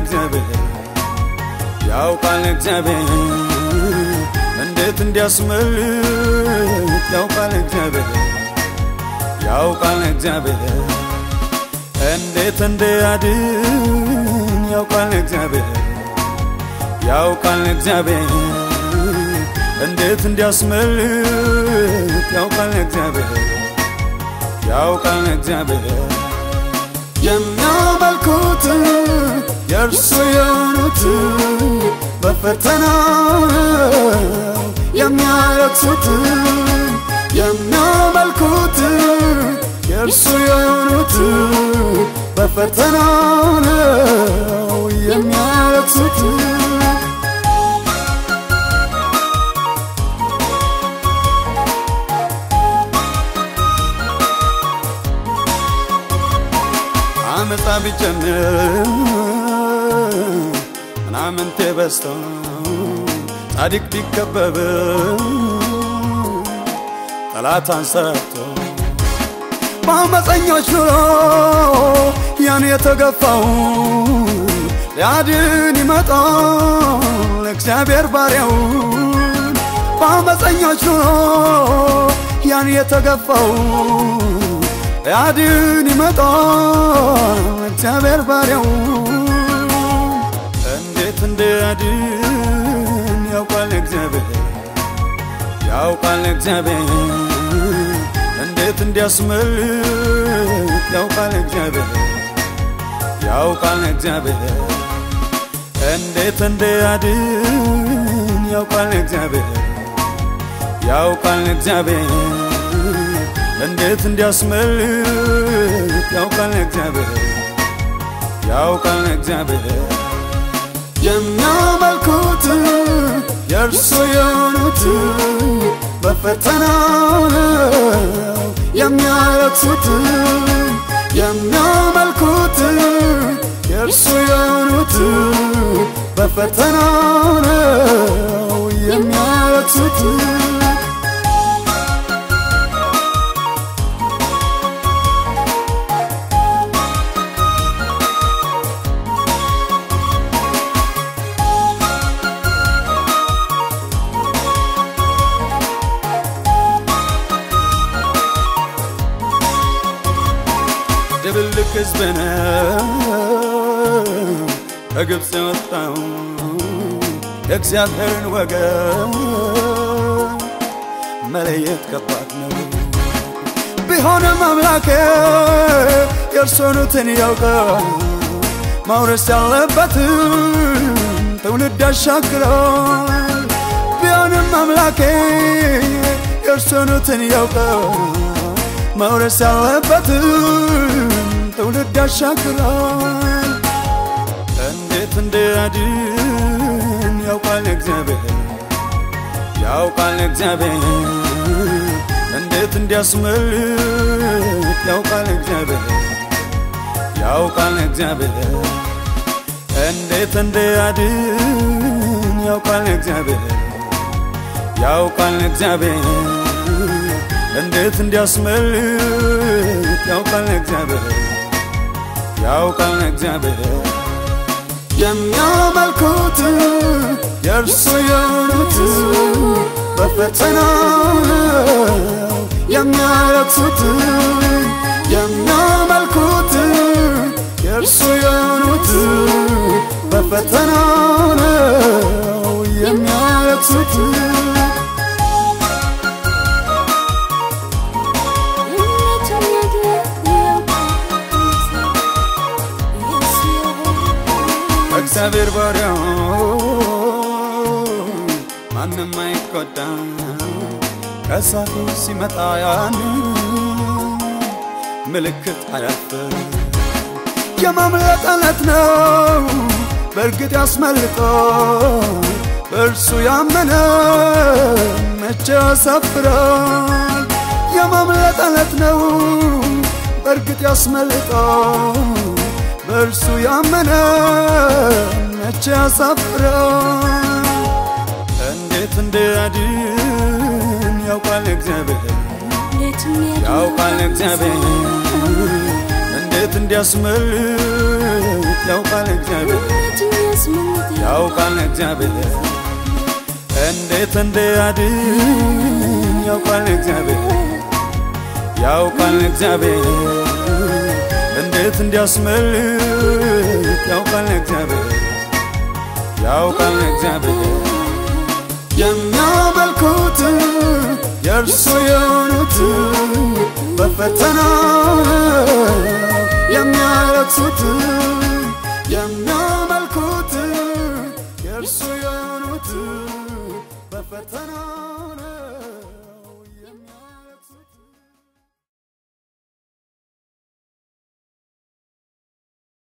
እግዚአብሔር ያውቃል እግዚአብሔር እንዴት እንዲያስመልክ ያውቃል እግዚአብሔር ያውቃል እግዚአብሔር እንዴት እንዲያድን ያውቃል እግዚአብሔር ያውቃል እግዚአብሔር እንዴት እንዲያስመልክ ያውቃል እግዚአብሔር ያውቃል እግዚአብሔር جناب القوت يرسو يونتو بفتنا يم يعرق صوت جناب القوت يرسو يونتو بفتنا يم يعرق صوت بجنة أنا منت بستا صادق بيكبب ጠላት አንሰርቶ በአመፀኞች ኑሮ ያን የተገፋው ሊያድን ይመጣል እግዚአብሔር ባሪያውን በአመፀኞች ኑሮ ያን የተገፋው ያድን ይመጣል እግዚአብሔር ባሪያው እንዴት እንዲያድን ያውቃል እግዚአብሔር ያውቃል እግዚአብሔር እንዴት ያውቃል እግዚአብሔር ያውቃል እግዚአብሔር እንዴት እንዲያድን ያውቃል እግዚአብሔር ያውቃል እግዚአብሔር እንዴት እንዲያስመልክ ያውቃል እግዚአብሔር ያውቃል እግዚአብሔር የሚያመልኩት የእርሱ የሆኑት በፈተናው ነው የሚያለቅሱት የሚያመልኩት የእርሱ የሆኑት በፈተናው ነው የሚያለቅሱት ሕዝብ ነው ከግብፅ የወጣው የእግዚአብሔርን ወገን መለየት ከባድ ነው። ቢሆንም አምላኬ የእርሶኑትን ያውቃል ማውረስ ያለበትን ትውልድ አሻግሯል። ቢሆንም አምላኬ የእርሶኑትን ያውቃል ማውረስ ያለበትን ትውልድ ያሻግራል። እንዴት እንዲያድን ያውቃል እግዚአብሔር ያውቃል እግዚአብሔር እንዴት እንዲያስመልጥ ያውቃል እግዚአብሔር ያውቃል እግዚአብሔር እንዴት እንዲያድን ያውቃል እግዚአብሔር ያውቃል እግዚአብሔር እንዴት እንዲያስመልጥ ያውቃል እግዚአብሔር ያውቃል እግዚአብሔር የሚያመልኩት የእርሱ የሆኑት በፈተና የሚያለቅሱት የሚያመልኩት የእርሱ የሆኑት በፈተና እግዚአብሔር ባሪያ ማንም አይጎዳ ከሳቱ ሲመጣ ያን ምልክት አያፈ የማምለጥ አለት ነው በእርግጥ ያስመልጦ እርሱ ያመነ መቼ ያሳፍራል። የማምለጥ አለት ነው በእርግጥ ያስመልጠው እርሱ ያመነ መቼ ያሳፍረው? እንዴት እንዲያድን ያውቃል እግዚአብሔር ያውቃል እግዚአብሔር እንዴት እንዲያስመልጥ ያውቃል እግዚአብሔር ያውቃል እግዚአብሔር እንዴት እንዲያድን ያውቃል እግዚአብሔር ያውቃል እግዚአብሔር ቤት እንዲያስመልክ ያውቃል እግዚአብሔር ያውቃል እግዚአብሔር የሚያመልኩት የእርሱ የሆኑት በፈተና የሚያለቅሱት የሚያመልኩት የእርሱ የሆኑት በፈተና